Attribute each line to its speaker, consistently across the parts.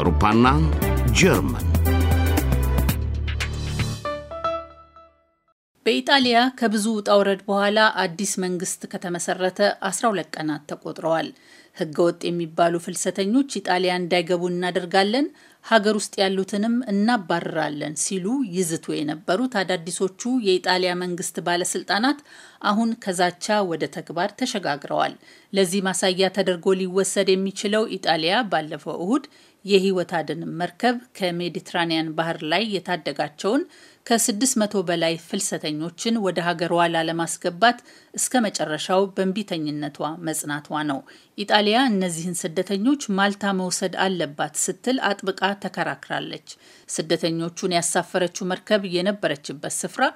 Speaker 1: አውሮፓና ጀርመን
Speaker 2: በኢጣሊያ ከብዙ ውጣ ውረድ በኋላ አዲስ መንግስት ከተመሰረተ 12 ቀናት ተቆጥረዋል። ህገወጥ የሚባሉ ፍልሰተኞች ኢጣሊያ እንዳይገቡ እናደርጋለን፣ ሀገር ውስጥ ያሉትንም እናባርራለን ሲሉ ይዝቱ የነበሩት አዳዲሶቹ የኢጣሊያ መንግስት ባለስልጣናት አሁን ከዛቻ ወደ ተግባር ተሸጋግረዋል። ለዚህ ማሳያ ተደርጎ ሊወሰድ የሚችለው ኢጣሊያ ባለፈው እሁድ የህይወት አድን መርከብ ከሜዲትራኒያን ባህር ላይ የታደጋቸውን ከ600 በላይ ፍልሰተኞችን ወደ ሀገሯ ላለማስገባት እስከ መጨረሻው በእንቢተኝነቷ መጽናቷ ነው። ኢጣሊያ እነዚህን ስደተኞች ማልታ መውሰድ አለባት ስትል አጥብቃ ተከራክራለች። ስደተኞቹን ያሳፈረችው መርከብ የነበረችበት ስፍራ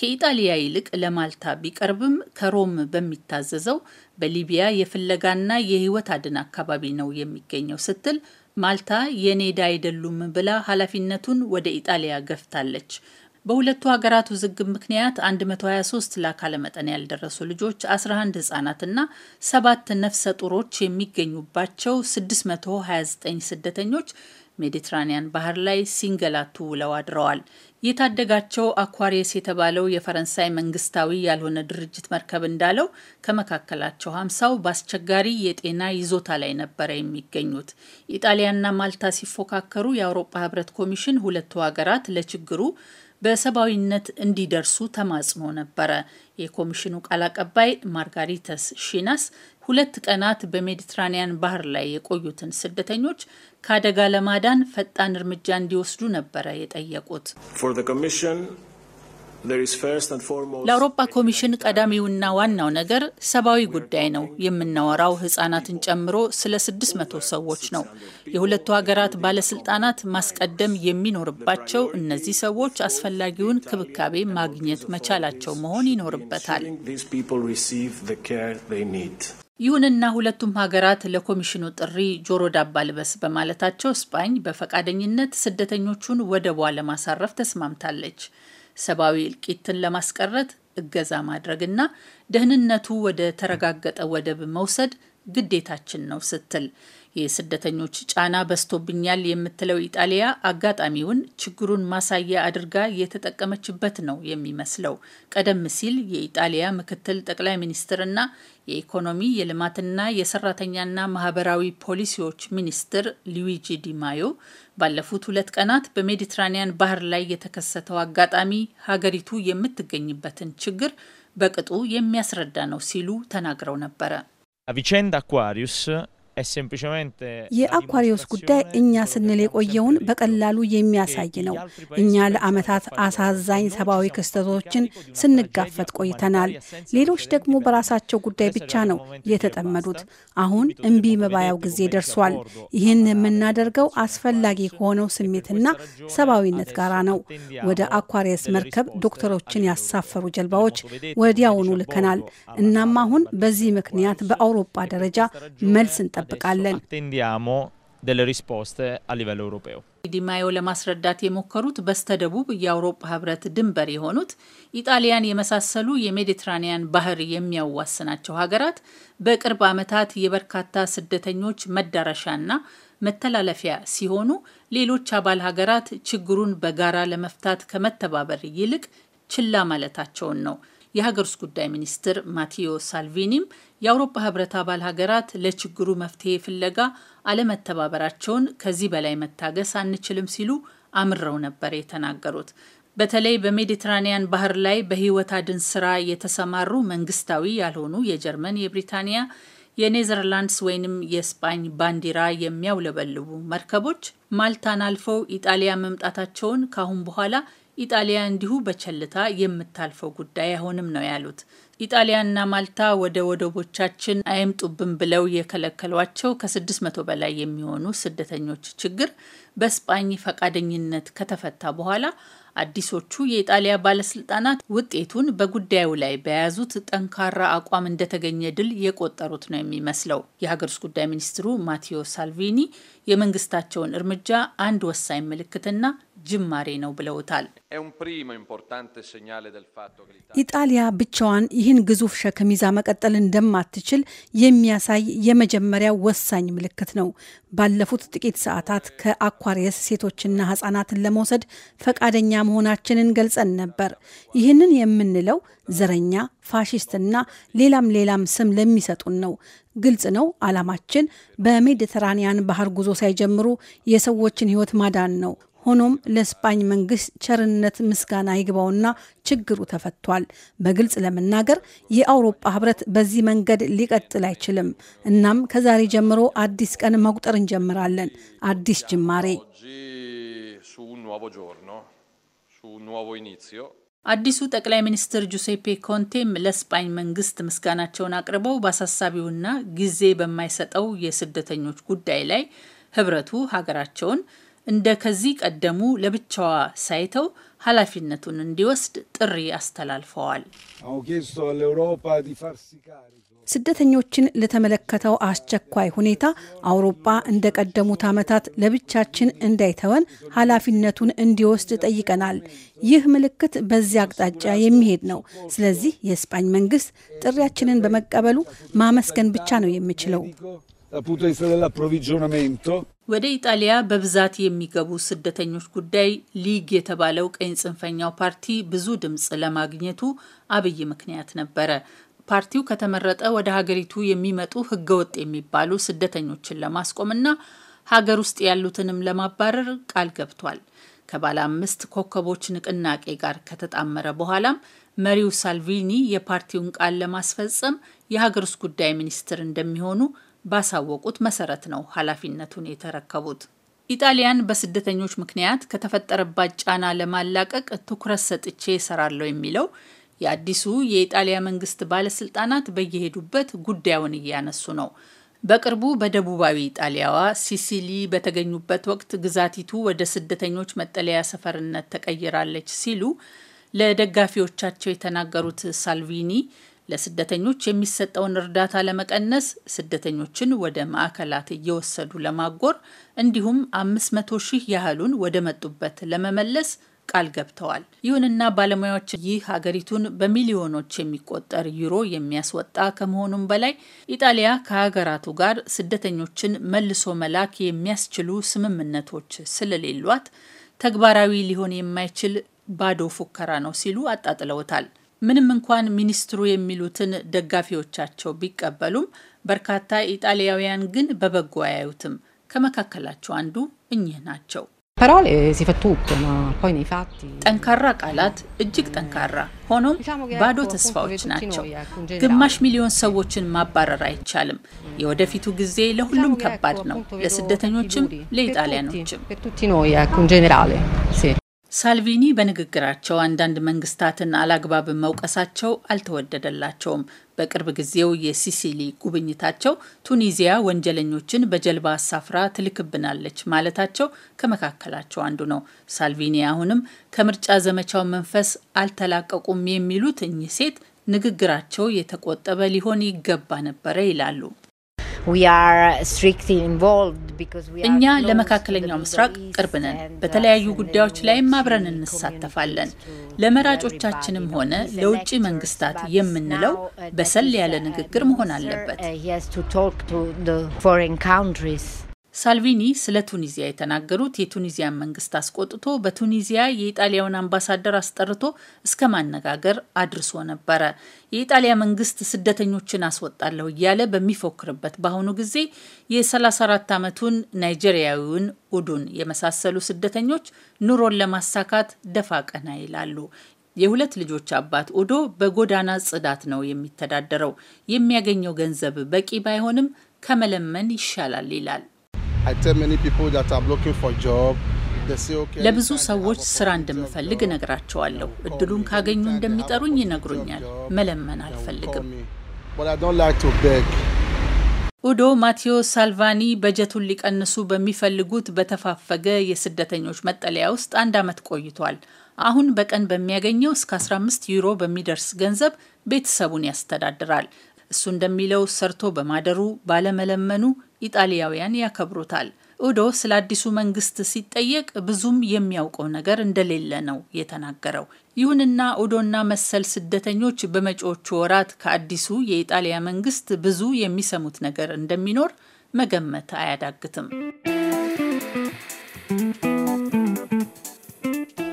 Speaker 2: ከኢጣሊያ ይልቅ ለማልታ ቢቀርብም ከሮም በሚታዘዘው በሊቢያ የፍለጋና የህይወት አድን አካባቢ ነው የሚገኘው ስትል ማልታ የኔዳ አይደሉም ብላ ኃላፊነቱን ወደ ኢጣሊያ ገፍታለች። በሁለቱ ሀገራት ውዝግብ ምክንያት 123 ለአካለ መጠን ያልደረሱ ልጆች 11 ህጻናትና ሰባት ነፍሰ ጡሮች የሚገኙባቸው 629 ስደተኞች ሜዲትራኒያን ባህር ላይ ሲንገላቱ ውለው አድረዋል። የታደጋቸው አኳሪየስ የተባለው የፈረንሳይ መንግስታዊ ያልሆነ ድርጅት መርከብ እንዳለው ከመካከላቸው ሀምሳው በአስቸጋሪ የጤና ይዞታ ላይ ነበረ የሚገኙት። ኢጣሊያና ማልታ ሲፎካከሩ የአውሮፓ ህብረት ኮሚሽን ሁለቱ ሀገራት ለችግሩ በሰብአዊነት እንዲደርሱ ተማጽኖ ነበረ። የኮሚሽኑ ቃል አቀባይ ማርጋሪተስ ሺናስ ሁለት ቀናት በሜዲትራኒያን ባህር ላይ የቆዩትን ስደተኞች ከአደጋ ለማዳን ፈጣን እርምጃ እንዲወስዱ ነበረ የጠየቁት። ለአውሮፓ ኮሚሽን ቀዳሚውና ዋናው ነገር ሰብአዊ ጉዳይ ነው። የምናወራው ህጻናትን ጨምሮ ስለ 600 ሰዎች ነው። የሁለቱ ሀገራት ባለስልጣናት ማስቀደም የሚኖርባቸው እነዚህ ሰዎች አስፈላጊውን ክብካቤ ማግኘት መቻላቸው መሆን ይኖርበታል። ይሁንና ሁለቱም ሀገራት ለኮሚሽኑ ጥሪ ጆሮ ዳባ ልበስ በማለታቸው ስፓኝ በፈቃደኝነት ስደተኞቹን ወደቧ ለማሳረፍ ተስማምታለች። ሰብአዊ እልቂትን ለማስቀረት እገዛ ማድረግና ደህንነቱ ወደ ተረጋገጠ ወደብ መውሰድ ግዴታችን ነው ስትል የስደተኞች ጫና በዝቶብኛል የምትለው ኢጣሊያ አጋጣሚውን ችግሩን ማሳያ አድርጋ የተጠቀመችበት ነው የሚመስለው። ቀደም ሲል የኢጣሊያ ምክትል ጠቅላይ ሚኒስትርና የኢኮኖሚ የልማትና የሰራተኛና ማህበራዊ ፖሊሲዎች ሚኒስትር ሉዊጂ ዲማዮ ባለፉት ሁለት ቀናት በሜዲትራኒያን ባህር ላይ የተከሰተው አጋጣሚ ሀገሪቱ የምትገኝበትን ችግር በቅጡ የሚያስረዳ ነው ሲሉ ተናግረው ነበረ። አቪቸንዳ አኳሪዩስ
Speaker 1: የአኳሪዮስ ጉዳይ እኛ ስንል የቆየውን በቀላሉ የሚያሳይ ነው። እኛ ለዓመታት አሳዛኝ ሰብአዊ ክስተቶችን ስንጋፈጥ ቆይተናል። ሌሎች ደግሞ በራሳቸው ጉዳይ ብቻ ነው የተጠመዱት። አሁን እምቢ መባያው ጊዜ ደርሷል። ይህን የምናደርገው አስፈላጊ ከሆነው ስሜትና ሰብአዊነት ጋራ ነው። ወደ አኳሪየስ መርከብ ዶክተሮችን ያሳፈሩ ጀልባዎች ወዲያውኑ ልከናል። እናም አሁን በዚህ ምክንያት በአውሮፓ ደረጃ መልስ እንጠ እንጠብቃለን።
Speaker 2: ዲማዮ ለማስረዳት የሞከሩት በስተደቡብ የአውሮፓ ህብረት ድንበር የሆኑት ኢጣሊያን የመሳሰሉ የሜዲትራኒያን ባህር የሚያዋስናቸው ሀገራት በቅርብ ዓመታት የበርካታ ስደተኞች መዳረሻና መተላለፊያ ሲሆኑ ሌሎች አባል ሀገራት ችግሩን በጋራ ለመፍታት ከመተባበር ይልቅ ችላ ማለታቸውን ነው የሀገር ውስጥ ጉዳይ ሚኒስትር ማቴዎ ሳልቪኒም የአውሮፓ ህብረት አባል ሀገራት ለችግሩ መፍትሄ ፍለጋ አለመተባበራቸውን ከዚህ በላይ መታገስ አንችልም ሲሉ አምረው ነበር የተናገሩት። በተለይ በሜዲትራኒያን ባህር ላይ በህይወት አድን ስራ የተሰማሩ መንግስታዊ ያልሆኑ የጀርመን፣ የብሪታንያ፣ የኔዘርላንድስ ወይንም የስፓኝ ባንዲራ የሚያውለበልቡ መርከቦች ማልታን አልፈው ኢጣሊያ መምጣታቸውን ካአሁን በኋላ ኢጣሊያ እንዲሁ በቸልታ የምታልፈው ጉዳይ አይሆንም ነው ያሉት። ኢጣሊያና ማልታ ወደ ወደቦቻችን አይምጡብን ብለው የከለከሏቸው ከ600 በላይ የሚሆኑ ስደተኞች ችግር በስጳኝ ፈቃደኝነት ከተፈታ በኋላ አዲሶቹ የኢጣሊያ ባለስልጣናት ውጤቱን በጉዳዩ ላይ በያዙት ጠንካራ አቋም እንደተገኘ ድል የቆጠሩት ነው የሚመስለው። የሀገር ውስጥ ጉዳይ ሚኒስትሩ ማቴዎ ሳልቪኒ የመንግስታቸውን እርምጃ አንድ ወሳኝ ምልክትና ጅማሬ ነው ብለውታል።
Speaker 1: ኢጣሊያ ብቻዋን ይህን ግዙፍ ሸክም ይዛ መቀጠል እንደማትችል የሚያሳይ የመጀመሪያ ወሳኝ ምልክት ነው። ባለፉት ጥቂት ሰዓታት ከአኳሪየስ ሴቶችና ሕጻናትን ለመውሰድ ፈቃደኛ መሆናችንን ገልጸን ነበር። ይህንን የምንለው ዘረኛ ፋሽስትና ሌላም ሌላም ስም ለሚሰጡን ነው። ግልጽ ነው አላማችን በሜዲተራኒያን ባህር ጉዞ ሳይጀምሩ የሰዎችን ሕይወት ማዳን ነው። ሆኖም ለስፓኝ መንግስት ቸርነት ምስጋና ይግባውና ችግሩ ተፈቷል። በግልጽ ለመናገር የአውሮፓ ህብረት በዚህ መንገድ ሊቀጥል አይችልም። እናም ከዛሬ ጀምሮ አዲስ ቀን መቁጠር እንጀምራለን። አዲስ ጅማሬ፣ አዲሱ ጠቅላይ
Speaker 2: ሚኒስትር ጁሴፔ ኮንቴም ለስፓኝ መንግስት ምስጋናቸውን አቅርበው በአሳሳቢውና ጊዜ በማይሰጠው የስደተኞች ጉዳይ ላይ ህብረቱ ሀገራቸውን እንደ ከዚህ ቀደሙ ለብቻዋ ሳይተው ኃላፊነቱን እንዲወስድ ጥሪ አስተላልፈዋል።
Speaker 1: ስደተኞችን ለተመለከተው አስቸኳይ ሁኔታ አውሮፓ እንደ ቀደሙት ዓመታት ለብቻችን እንዳይተወን ኃላፊነቱን እንዲወስድ ጠይቀናል። ይህ ምልክት በዚያ አቅጣጫ የሚሄድ ነው። ስለዚህ የስፓኝ መንግስት ጥሪያችንን በመቀበሉ ማመስገን ብቻ ነው የምችለው። dal punto di vista dell'approvvigionamento
Speaker 2: ወደ ኢጣሊያ በብዛት የሚገቡ ስደተኞች ጉዳይ ሊግ የተባለው ቀኝ ጽንፈኛው ፓርቲ ብዙ ድምፅ ለማግኘቱ አብይ ምክንያት ነበረ። ፓርቲው ከተመረጠ ወደ ሀገሪቱ የሚመጡ ህገወጥ የሚባሉ ስደተኞችን ለማስቆምና ሀገር ውስጥ ያሉትንም ለማባረር ቃል ገብቷል። ከባለ አምስት ኮከቦች ንቅናቄ ጋር ከተጣመረ በኋላም መሪው ሳልቪኒ የፓርቲውን ቃል ለማስፈጸም የሀገር ውስጥ ጉዳይ ሚኒስትር እንደሚሆኑ ባሳወቁት መሰረት ነው ኃላፊነቱን የተረከቡት። ኢጣሊያን በስደተኞች ምክንያት ከተፈጠረባት ጫና ለማላቀቅ ትኩረት ሰጥቼ እሰራለሁ የሚለው የአዲሱ የኢጣሊያ መንግስት ባለስልጣናት በየሄዱበት ጉዳዩን እያነሱ ነው። በቅርቡ በደቡባዊ ኢጣሊያዋ ሲሲሊ በተገኙበት ወቅት ግዛቲቱ ወደ ስደተኞች መጠለያ ሰፈርነት ተቀይራለች ሲሉ ለደጋፊዎቻቸው የተናገሩት ሳልቪኒ ለስደተኞች የሚሰጠውን እርዳታ ለመቀነስ ስደተኞችን ወደ ማዕከላት እየወሰዱ ለማጎር እንዲሁም 500 ሺህ ያህሉን ወደ መጡበት ለመመለስ ቃል ገብተዋል። ይሁንና ባለሙያዎች ይህ ሀገሪቱን በሚሊዮኖች የሚቆጠር ዩሮ የሚያስወጣ ከመሆኑም በላይ ኢጣሊያ ከሀገራቱ ጋር ስደተኞችን መልሶ መላክ የሚያስችሉ ስምምነቶች ስለሌሏት ተግባራዊ ሊሆን የማይችል ባዶ ፉከራ ነው ሲሉ አጣጥለውታል። ምንም እንኳን ሚኒስትሩ የሚሉትን ደጋፊዎቻቸው ቢቀበሉም በርካታ ኢጣሊያውያን ግን በበጎ አያዩትም። ከመካከላቸው አንዱ እኚህ ናቸው። ጠንካራ ቃላት፣ እጅግ ጠንካራ፣ ሆኖም
Speaker 1: ባዶ ተስፋዎች ናቸው። ግማሽ
Speaker 2: ሚሊዮን ሰዎችን ማባረር አይቻልም። የወደፊቱ ጊዜ ለሁሉም ከባድ ነው፣ ለስደተኞችም ለኢጣሊያኖችም። ሳልቪኒ በንግግራቸው አንዳንድ መንግስታትን አላግባብ መውቀሳቸው አልተወደደላቸውም። በቅርብ ጊዜው የሲሲሊ ጉብኝታቸው ቱኒዚያ ወንጀለኞችን በጀልባ አሳፍራ ትልክብናለች ማለታቸው ከመካከላቸው አንዱ ነው። ሳልቪኒ አሁንም ከምርጫ ዘመቻው መንፈስ አልተላቀቁም የሚሉት እኚህ ሴት ንግግራቸው የተቆጠበ ሊሆን ይገባ ነበረ ይላሉ። እኛ ለመካከለኛው ምስራቅ ቅርብ ነን። uh, በተለያዩ ጉዳዮች ላይም አብረን እንሳተፋለን። ለመራጮቻችንም ሆነ ለውጭ መንግስታት የምንለው uh, በሰል ያለ uh, ንግግር መሆን አለበት። ሳልቪኒ ስለ ቱኒዚያ የተናገሩት የቱኒዚያን መንግስት አስቆጥቶ በቱኒዚያ የኢጣሊያውን አምባሳደር አስጠርቶ እስከ ማነጋገር አድርሶ ነበረ። የኢጣሊያ መንግስት ስደተኞችን አስወጣለሁ እያለ በሚፎክርበት በአሁኑ ጊዜ የ34 ዓመቱን ናይጄሪያዊውን ኡዱን የመሳሰሉ ስደተኞች ኑሮን ለማሳካት ደፋ ቀና ይላሉ። የሁለት ልጆች አባት ኡዶ በጎዳና ጽዳት ነው የሚተዳደረው። የሚያገኘው ገንዘብ በቂ ባይሆንም ከመለመን ይሻላል ይላል። ለብዙ ሰዎች ስራ እንደምፈልግ እነግራቸዋለሁ። እድሉን ካገኙ እንደሚጠሩኝ ይነግሩኛል። መለመን አልፈልግም። ኡዶ ማቴዎ ሳልቫኒ በጀቱን ሊቀንሱ በሚፈልጉት በተፋፈገ የስደተኞች መጠለያ ውስጥ አንድ ዓመት ቆይቷል። አሁን በቀን በሚያገኘው እስከ 15 ዩሮ በሚደርስ ገንዘብ ቤተሰቡን ያስተዳድራል። እሱ እንደሚለው ሰርቶ በማደሩ ባለመለመኑ ኢጣሊያውያን ያከብሩታል። ኡዶ ስለ አዲሱ መንግስት ሲጠየቅ ብዙም የሚያውቀው ነገር እንደሌለ ነው የተናገረው። ይሁንና ኡዶና መሰል ስደተኞች በመጪዎቹ ወራት ከአዲሱ የኢጣሊያ መንግስት ብዙ የሚሰሙት ነገር እንደሚኖር መገመት አያዳግትም።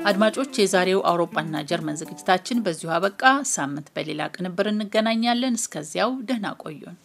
Speaker 2: አድማጮች፣ የዛሬው አውሮፓና ጀርመን ዝግጅታችን በዚሁ አበቃ። ሳምንት በሌላ ቅንብር እንገናኛለን። እስከዚያው ደህና ቆዩን።